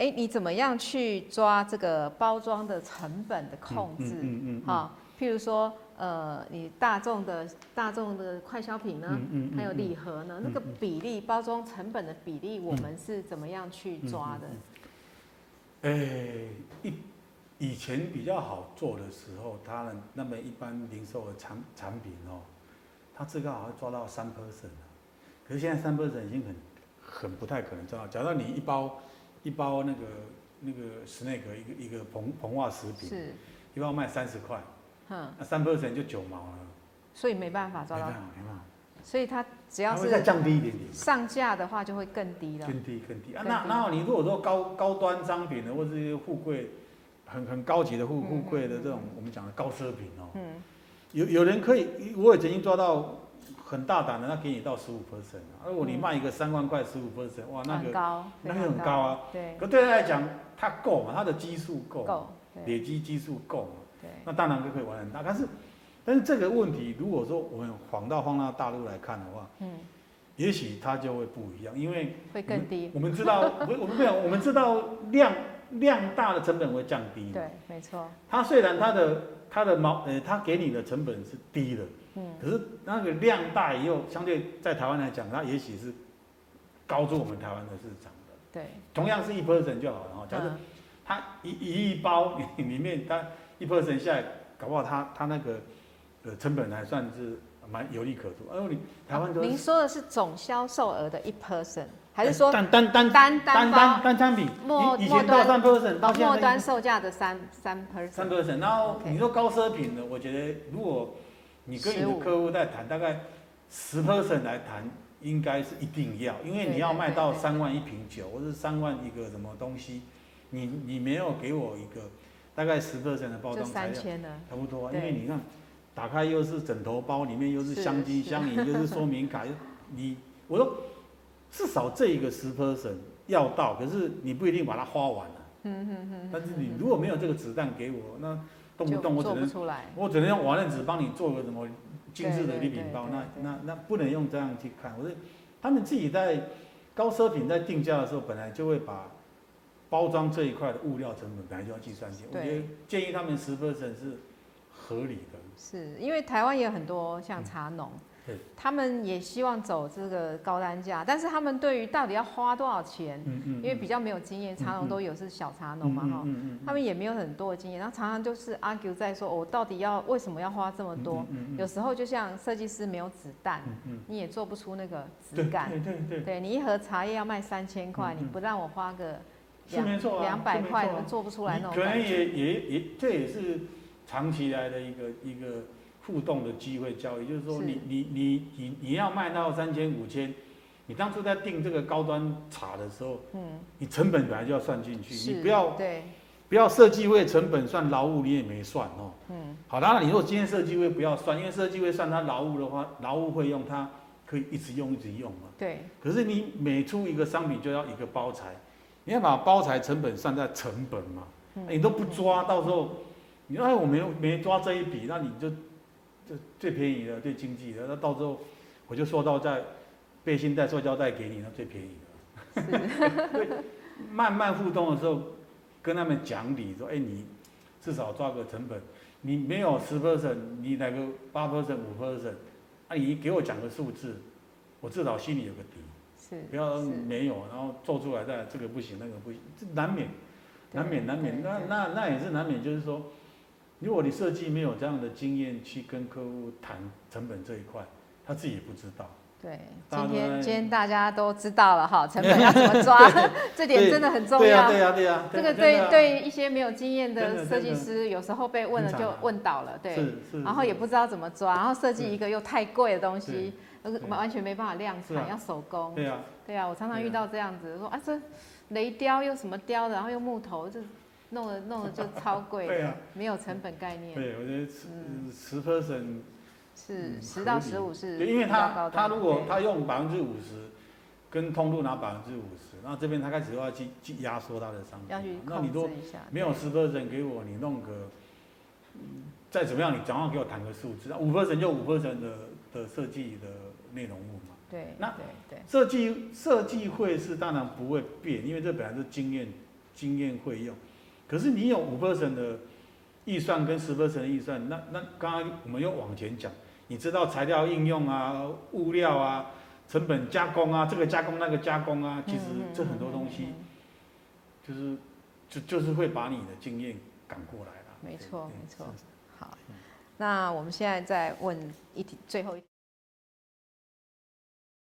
哎、欸，你怎麼樣去抓這個包裝的成本的控制？嗯嗯嗯。哈、嗯嗯，譬如說，呃，你大眾的大眾的快消品呢，嗯嗯嗯、還有禮盒呢、嗯嗯，那個比例，嗯嗯、包裝成本的比例、嗯，我們是怎麼樣去抓的？哎、嗯，以、嗯嗯嗯欸、以前比較好做的時候，他那麼一般零售的產產品哦，他這個好像抓到三 percent，可是現在三 percent 已經很很不太可能抓到，假如你一包。一包那個那個史耐格一個一個膨膨化食品，是，一包賣三十塊，哼、嗯，那三趴就九毛了，所以沒辦法抓到，沒辦法，所以它只要是再降低一點點，上架的話就會更低了，更低更低，啊，更低啊，啊！那那，那你如果說高高端商品的，或是一些富貴很很高級的富富貴的這種、嗯、我們講的高奢品哦、喔，嗯，有有人可以，我也曾經抓到。很大膽的，他給你到十五 percent。如果你賣一個三萬塊十五 percent，哇，那個、啊、很高那個很高啊。對。可對他來講，他夠嘛，他的基數夠，累積基數夠嘛，對。那當然就可以玩很大，但是但是這個問題，如果說我們晃到放到大陸來看的話，嗯，也許它就會不一樣，因為會更低。我們，我們知道， 我我們不要，我們知道量。量大的成本會降低。對，沒錯。它雖然它的它的毛呃，它給你的成本是低的，嗯，可是那個量大以後相對在台灣來講，它也許是高出我們台灣的市場的。對，同樣是1%就好了哈、嗯，假設它一一,一包你裡面它1%下來，搞不好它它那個呃成本還算是蠻有利可圖。哦、呃，因為你台灣都是、啊。您說的是總銷售額的1%。還是說單單單單單單單單品，以以前到三 percent 到末端售價的三三三，然後你說高奢品的，我覺得如果你跟你的客戶在談，大概十 percent 來談，應該是一定要，因為你要賣到三萬一瓶酒或者三萬一個什麼東西，你你沒有給我一個大概十 percent 的包裝材料，差不多。因為你看，打開又是枕頭包，裡面又是香精香影，又是說明卡，你我說。至少這一個十 percent 要到，可是你不一定把它花完了。嗯，嗯，嗯，但是你如果沒有這個子彈給我，那動不動不出來，我只能我只能用瓦楞紙幫你做個什麼精緻的禮品包，對對對對對對，那那那不能用這樣去看。我是他們自己在高奢品在定價的時候，本來就會把包裝這一塊的物料成本本來就要計算進。我覺得建議他們十 p e r n 是合理的。是因為台灣也有很多像茶農。嗯他們也希望走這個高單價，但是他們對於到底要花多少錢，嗯嗯、因為比較沒有經驗，茶農都有是小茶農嘛哈、嗯嗯嗯，他們也沒有很多的經驗，然後常常就是 argue 在說、哦、我到底要為什麼要花這麼多，嗯嗯嗯、有時候就像設計師沒有子彈、嗯嗯，你也做不出那個質感。對對對，對，對你一盒茶葉要賣三千塊、嗯，你不讓我花個兩、啊、百塊、啊，我做不出來那種感覺可能也也也，也，這也是長期來的一個一個。互動的機會交易，就是說你是，你你你你你要賣到三千五千，你當初在定這個高端茶的時候，嗯，你成本本來就要算進去，你不要對，不要設計費成本算勞務，你也沒算哦。嗯，好，當然你說今天設計費不要算，因為設計費算它勞務的話，勞務費用它可以一直用一直用嘛。對，可是你每出一個商品，就要一個包材，你要把包材成本算在成本嘛，嗯、你都不抓，到時候你說哎，我沒沒抓這一筆，那你就。最便宜的、最經濟的，那到時候我就說到在背心袋、塑膠袋給你，那最便宜的 。慢慢互動的時候，跟他們講理，說：哎、欸，你至少抓個成本，你沒有十 percent，你哪個八 percent、五 percent，阿姨給我講個數字，我至少心裡有個底。是，不要沒有，然後做出來再來，這個不行，那個不行，這難免，難免，難免。難免，對對對，那那那也是難免，就是說。如果你設計沒有這樣的經驗去跟客戶談成本這一塊，他自己也不知道。 對，今天今天大家都知道了哈，成本要怎麼抓，這點真的很重要。這個、對呀對呀、啊啊啊啊啊，這個對對、啊、對，對一些沒有經驗的設計師、啊啊，有時候被問了就問倒了，對，然後也不知道怎麼抓，然後設計一個又太貴的東西，是是啊、而完全沒辦法量產，啊、要手工。對呀、啊、對呀、啊啊啊，我常常遇到這樣子，說啊這雷雕又什麼雕的，然後用木頭這。弄了弄了就超貴， 對啊，沒有成本概念。對，我覺得十十 percent 是十到十五是，因為他他如果他用百分之五十，跟通路拿百分之五十，那這邊他開始的要去去壓縮他的商品，要去控制一下。沒有十 percent 給我，你弄個，再怎麼樣你講話給我談個數字，五 percent 就五 percent 的、嗯、的設計的內容物嘛。對，那對對，設計設計會是當然不會變，因為這本來是經驗經驗會用。可是你有五 percent 的預算跟十 percent 的預算，那那剛剛我們又往前講，你知道材料應用啊、物料啊、成本加工啊、這個加工那個加工啊，其實這很多東西就是嗯嗯嗯嗯就是、就，就是會把你的經驗趕過來了。沒錯，沒、嗯、錯。好，那我們現在再問一題，最後一題。